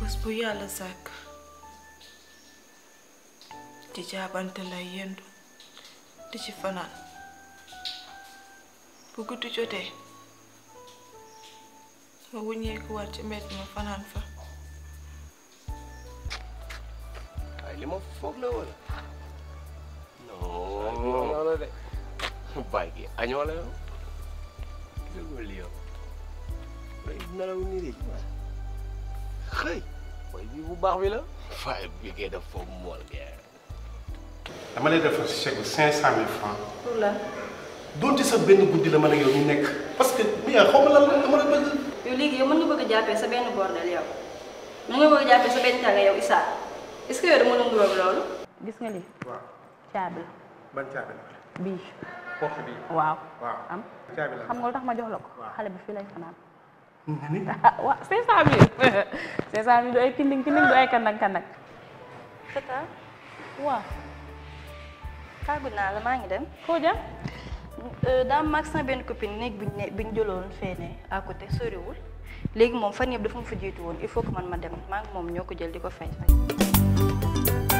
bés bu yàlla sàkk ci jaabante lay yendu di ci fanaan bu guddi jotee ma wuññeeku waat ci mbedd ma fanaan fa waaye li ma la baik anyola yo jogol yo day nalaw ni rek ma xey way bi bu bax bi la fay bi kay def fo mol ge dama lay defal chèque 500000 francs pour la donte sa benn guddi la man ak yow ñu nekk parce que mi ya xawma lan dama la bëgg yow léegi yow mën nga bëgg jàppee sa benn bordel yow mën nga bëgg jàppee sa benn tànga yow Issa est ce que yow dama la nguróog loolu gis nga li waaw caabi ban caabi la porte bi waaw am xam nga lu tax ma jox la ko xale bi fii lay fanaan waaw cinq cent mille cinq cent mille du ay kinding kinding du ay kandak kandak tata waaw kàggu naa la maa ngi dem foo jëm euh, daa mag sama benn néeg bi ñu bi ñu jëloon feene à côté soriwul léegi moom fan yëpp dafa ma fa woon il faut que man ma dem maa ngi moom ñoo ko jël di ko fay fay